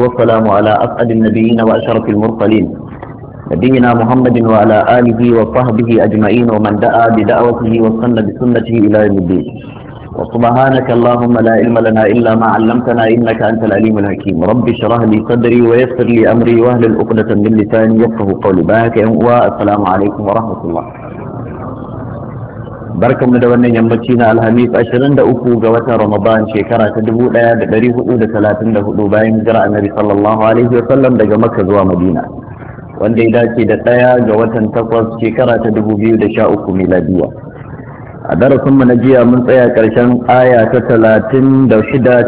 والسلام على أسعد النبيين وأشرف المرسلين نبينا محمد وعلى آله وصحبه أجمعين ومن دعا بدعوته وسن بسنته إلى يوم الدين وسبحانك اللهم لا علم لنا إلا ما علمتنا إنك أنت العليم الحكيم رب اشرح لي صدري ويسر لي أمري واهل الأقدة من لساني يفقه قولي باك والسلام عليكم ورحمة الله barkanmu da wannan yammaci na alhamis 23 ga watan ramadan shekara ta 1434 bayan hijira annabi sallallahu alaihi wasallam daga makka zuwa madina wanda ya dace da ɗaya ga watan takwas shekara ta 2013 miladiya a darasin mu na jiya mun tsaya karshen aya ta 36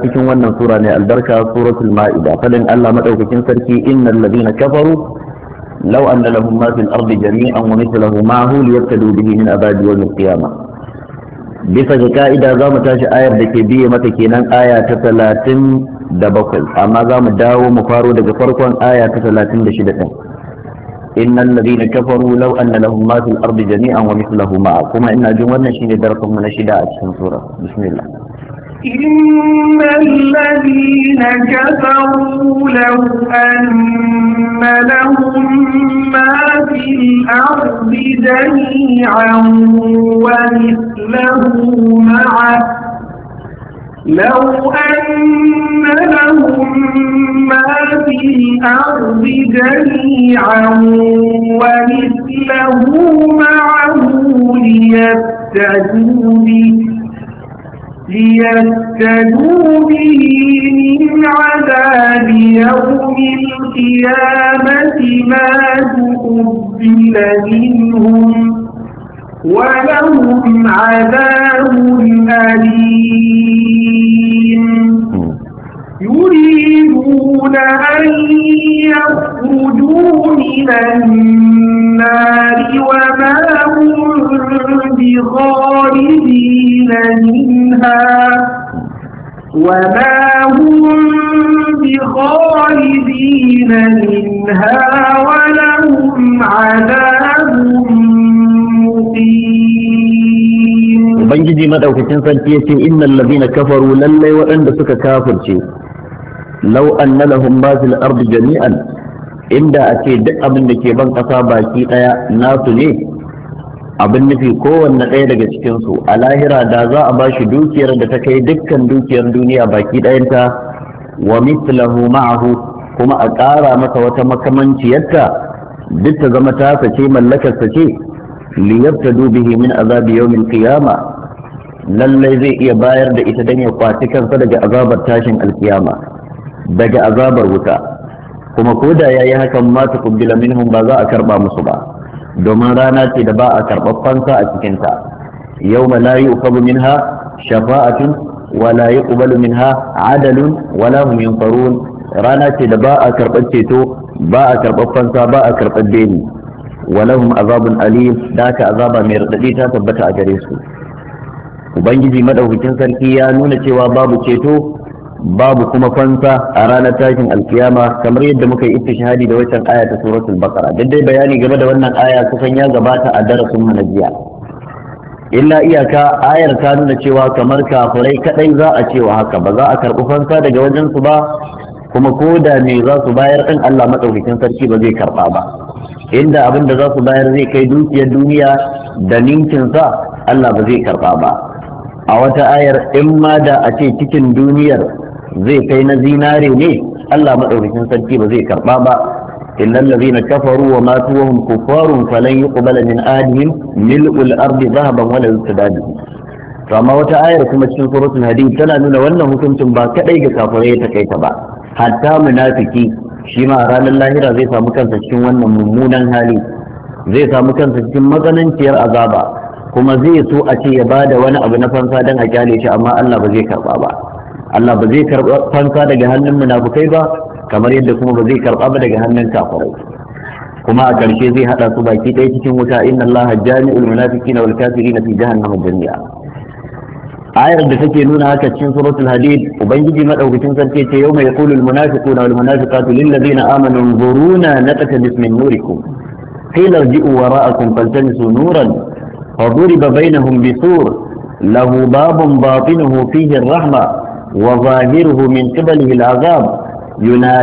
cikin wannan sura ne albarka suratul ma'ida fadin Allah madaukakin sarki innal ladina kafaru لو أن لهم ما في الأرض جميعا ومثله معه ليبتدوا به من أباد يوم القيامة bisa ga ka'ida za mu tashi ayar da ke biye mata kenan aya ta talatin da bakwai amma za mu dawo mu faro daga farkon aya ta talatin da shida ɗin innan ladina kafaru law anna lahum ma fil ardi jami'an wa mithluhu ma'a kuma ina jin wannan shine darasin mu na shida a cikin sura bismillah إن الذين كفروا لو أن الأرض جميعا ومثله معه لو أن لهم ما في الأرض جميعا ومثله معه ليستدوا به ليستدوا به من يوم القيامة ما تقبل منهم ولهم عذاب أليم يريدون أن يخرجوا من النار وما هم بخارجين منها وما هم خالدين منها ولهم عذاب ubangiji madaukakin sarki yace innal ladina kafaru lallai waɗanda suka kafirce law anna lahum ma ardi jami'an inda a ce duk abin da ke ban ƙasa baki ɗaya nasu ne abin nufi kowanne ɗaya daga cikinsu a lahira da za a ba shi dukiyar da ta kai dukkan dukiyar duniya baki ɗayanta wa mithlahu ma'ahu kuma a ƙara masa wata makamanciyarta duk ta zama ta sace mallakar sace liyabtadu bihi min azabi yawmin qiyama lallai zai iya bayar da ita dan ya kwaci kansa daga azabar tashin alkiyama daga azabar wuta kuma ko da yayi hakan ma ta kubbila minhum ba za a karba musu ba domin rana ce da ba a karɓar fansa a cikinta yau la yu'khadhu minha shafa'atun wala yuqbalu minha adalun wala hum yunqarun rana ce da ba a karɓar ceto ba a karɓar fansa ba a karɓar beni walahum azabun alim da azaba mai raɗaɗi ta tabbata a gare su ubangiji madaukakin sarki ya nuna cewa babu ceto babu kuma fansa a ranar tashin alkiyama kamar yadda muka yi shahadi da waccan aya ta suratul bakara duk bayani game da wannan aya kusan ya gabata a darasin mu na jiya illa iyaka ayar ta nuna cewa kamar kafirai kadai za a cewa haka ba za a karɓi fansa daga wajen su ba kuma ko da me za su bayar ɗin Allah madaukakin sarki ba zai karɓa ba inda abin da za su bayar zai kai dukiyar duniya da ninkin sa Allah ba zai karɓa ba a wata ayar in ma da a ce cikin duniyar zai kai na zinare ne Allah madaukakin sarki ba zai karɓa ba إن الذين كفروا وماتوا وهم كفار فلن يقبل من آلهم ملء الأرض ذهبا ولا يستباد فما وتآية كما تشن سورة الهديد تنا نونا وأنه كنتم با كأي كافرية كي تبع حتى منافكي شما ران الله را زي سامكان سشن وانا ممونا هالي زي سامكان سشن مغنن تير أذابا كما زي سوء أتي يبادا وانا أبنا فانسادا أجالي شاء ما الله بزي كربا الله بزي كربا فانسادا جهنم منافكي با kamar yadda kuma ba zai karɓa ba daga hannun kafirai kuma a ƙarshe zai haɗa su baki ɗaya cikin wuta inna Allah jami'ul munafiqina wal kafirina fi jahannama jami'a ayar da take nuna haka cikin suratul hadid ubangiji madaukakin sarki ce yau mai yaqulul munafiquna wal munafiqatu lil ladina amanu zuruna naqtabis min nurikum qila irji'u wara'akum faltamisu nuran فضرب بينهم بسور له باب باطنه فيه الرحمه وظاهره من قبله العذاب ينادي